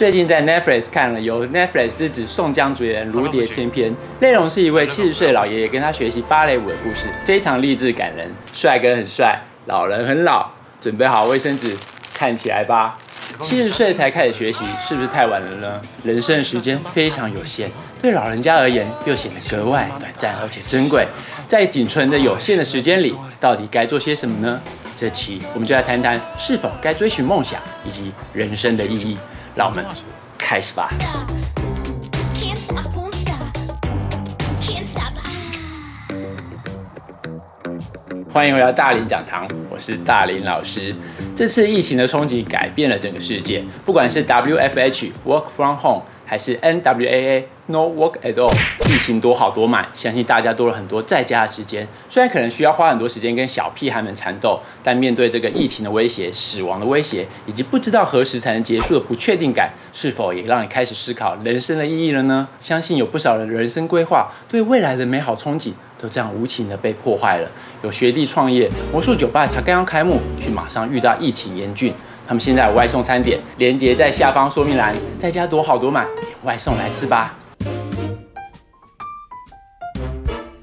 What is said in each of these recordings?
最近在 Netflix 看了由 Netflix 之子宋江主演的《如蝶翩翩》，內容是一位七十歲的老爺爺跟他學習芭蕾舞的故事，非常勵志感人。帥哥很帥，老人很老，準備好衛生紙，看起來吧。七十歲才開始學習，是不是太晚了呢？人生的時間非常有限，對老人家而言又顯得格外短暫而且珍貴。在僅存的有限的時間裡，到底該做些什麼呢？這期我們就來談談是否該追尋夢想以及人生的意義。讓我們開始吧。 歡迎回到大林講堂，我是大林老師。這次疫情的衝擊改變了整個世界，不管是 W F H（Work from Home） 還是 N W A A。No work at all。疫情多好多滿，相信大家多了很多在家的時間。雖然可能需要花很多時間跟小屁孩們纏鬥，但面對這個疫情的威脅、死亡的威脅，以及不知道何時才能結束的不確定感，是否也讓你開始思考人生的意義了呢？相信有不少人的人生規劃、對未來的美好憧憬，都這樣無情的被破壞了。有學弟創業魔術酒吧才剛剛開幕，卻馬上遇到疫情嚴峻。他們現在有外送餐點，連結在下方說明欄。在家多好多滿，外送來吃吧。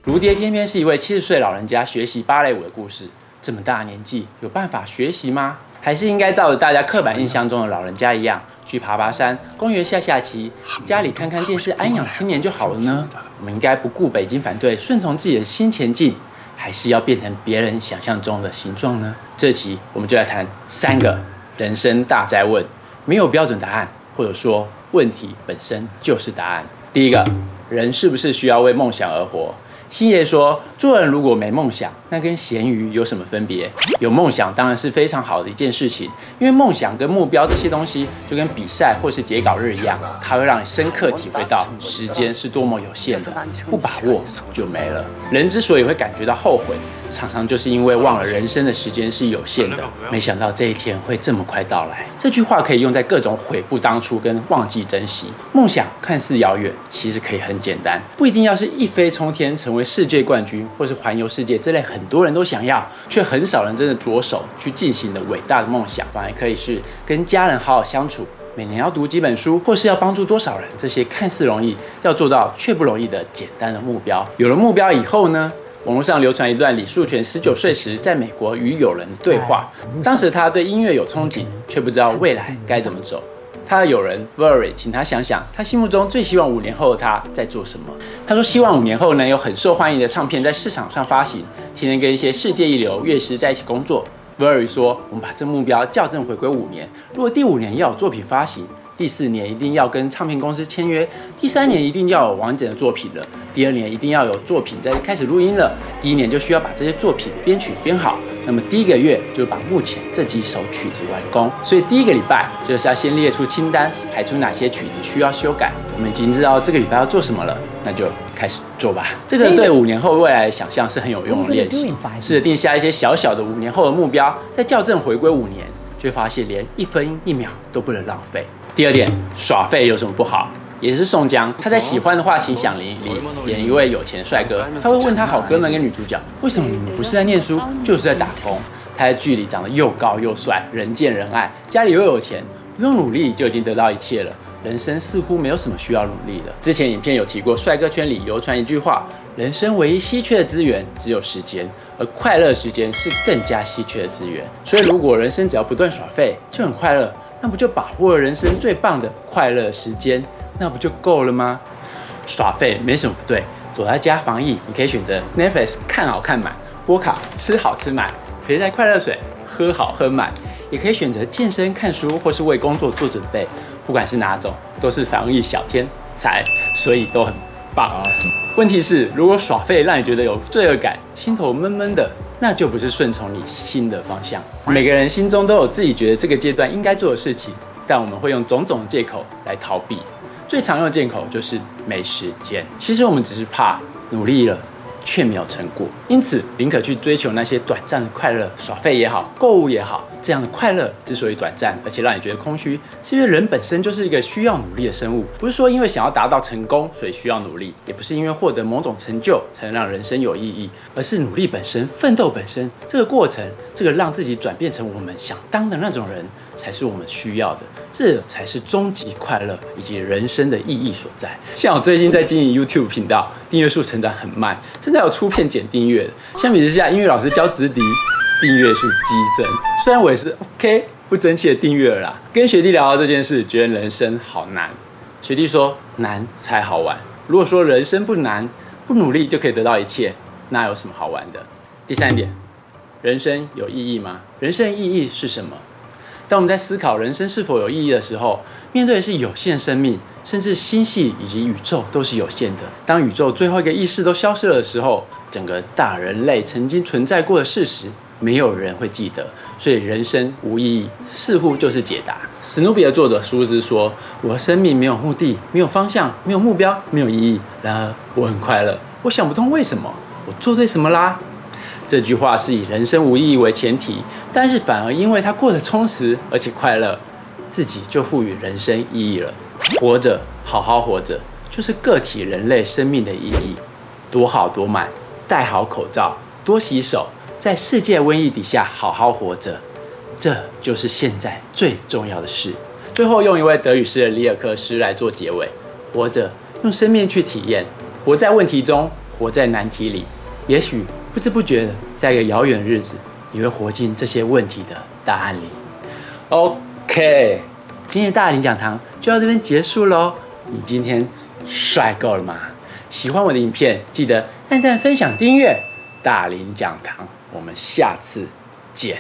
如爹，偏偏是一位七十歲老人家學習芭蕾舞的故事。這麼大年紀有辦法學習嗎？還是應該照着大家刻板印象中的老人家一樣，去爬爬山、公園下下棋、家裡看看電視、安養天年就好了呢？我們應該不顧北京反對，順從自己的心前進，還是要變成別人想象中的形狀呢？這期我們就來談三個人生大災問，沒有標準答案，或者說問題本身就是答案。第一個人，是不是需要為夢想而活？星爺說：“做人如果沒夢想，那跟鹹魚有什麼分別？有夢想當然是非常好的一件事情，因為夢想跟目標這些東西，就跟比賽或是截稿日一樣，它會讓你深刻體會到時間是多麼有限的，不把握就沒了。人之所以會感覺到後悔。”常常就是因為忘了人生的時間是有限的，沒想到這一天會這麼快到來。這句話可以用在各種悔不當初跟忘記珍惜。夢想看似遙遠，其實可以很簡單，不一定要是一飛衝天成為世界冠軍，或是環遊世界這類很多人都想要，卻很少人真的着手去進行的偉大的夢想，反而可以是跟家人好好相處，每年要讀幾本書，或是要幫助多少人，這些看似容易要做到卻不容易的簡單的目標。有了目標以後呢？網絡上流傳一段李恕權十九歲時在美國與友人的對話。當時他對音樂有憧憬，卻不知道未來該怎麼走。他的友人 Verry 請他想想，他心目中最希望五年後的他在做什麼。他說：“希望五年後能有很受歡迎的唱片在市場上發行，天天跟一些世界一流樂師在一起工作。” Verry 說：“我們把這目標校正回歸五年，如果第五年要有作品發行。”第四年一定要跟唱片公司簽約，第三年一定要有完整的作品了，第二年一定要有作品在開始錄音了，第一年就需要把這些作品編曲編好。那麼第一個月就把目前這幾首曲子完工，所以第一個禮拜就是要先列出清單，排出哪些曲子需要修改。我們已經知道這個禮拜要做什麼了，那就開始做吧。這個對五年後未來想象是很有用的練習，試着定下一些小小的五年後的目標，再校正回歸五年，就會發現連一分一秒都不能浪費。第二點，耍廢有什麼不好？也是宋江，他在《喜歡的話請響鈴》裡演一位有錢帥哥。他會問他好哥們跟女主角：“為什麼你們不是在念書，就是在打工？”他在劇裡長得又高又帥，人見人愛，家裡又有錢，不用努力就已經得到一切了。人生似乎沒有什麼需要努力的。之前影片有提過，帥哥圈裡流傳一句話：人生唯一稀缺的資源只有時間，而快樂的時間是更加稀缺的資源。所以，如果人生只要不斷耍廢，就很快樂。那不就把握了人生最棒的快樂時間，那不就夠了嗎？耍廢沒什麼不對，躲在家防疫，你可以選擇 Netflix 看好看滿，波卡吃好吃滿，肥宅快樂水喝好喝滿，也可以選擇健身、看書或是為工作做準備。不管是哪種，都是防疫小天才，所以都很棒啊。問題是，如果耍廢讓你覺得有罪惡感，心頭悶悶的。那就不是順從你心的方向。每個人心中都有自己覺得這個階段應該做的事情，但我們會用種種借口來逃避。最常用的借口就是沒時間。其實我們只是怕努力了卻沒有成果，因此寧可去追求那些短暫的快樂，耍廢也好，購物也好。這樣的快樂之所以短暫，而且讓你覺得空虛，是因為人本身就是一個需要努力的生物。不是說因為想要達到成功所以需要努力，也不是因為獲得某種成就才能讓人生有意義，而是努力本身、奮鬥本身這個過程，這個讓自己轉變成我們想當的那種人，才是我們需要的。這才是終極快樂以及人生的意義所在。像我最近在經營 YouTube 頻道，訂閱數成長很慢，甚至有出片減訂閱。相比之下，音樂老師教直笛。訂閱數激增，雖然我也是 OK 不爭氣的訂閱了啦。跟學弟聊到這件事，覺得人生好難。學弟說：“難才好玩。如果說人生不難，不努力就可以得到一切，那有什麼好玩的？”第三點，人生有意義嗎？人生意義是什麼？當我們在思考人生是否有意義的時候，面對的是有限生命，甚至星系以及宇宙都是有限的。當宇宙最後一個意識都消失了的時候，整個大人類曾經存在過的事實。沒有人會記得，所以人生無意義，似乎就是解答。史努比的作者舒茲說：“我的生命沒有目的，沒有方向，沒有目標，沒有意義。然而我很快樂，我想不通為什麼。我做對什麼啦？”這句話是以人生無意義為前提，但是反而因為他過得充實而且快樂，自己就賦予人生意義了。活着，好好活着，就是個體人類生命的意義。多好，多滿，戴好口罩，多洗手。在世界瘟疫底下好好活着，這就是現在最重要的事。最後用一位德語詩人裡爾克詩來做結尾：活着，用生命去體驗，活在問題中，活在難題裡。也許不知不覺的，在一個遙遠的日子，你會活進這些問題的答案裡。OK，今天的大林講堂就到這邊結束嘍。你今天帥夠了嗎？喜歡我的影片，記得按讚、分享、訂閱大林講堂。我們下次見。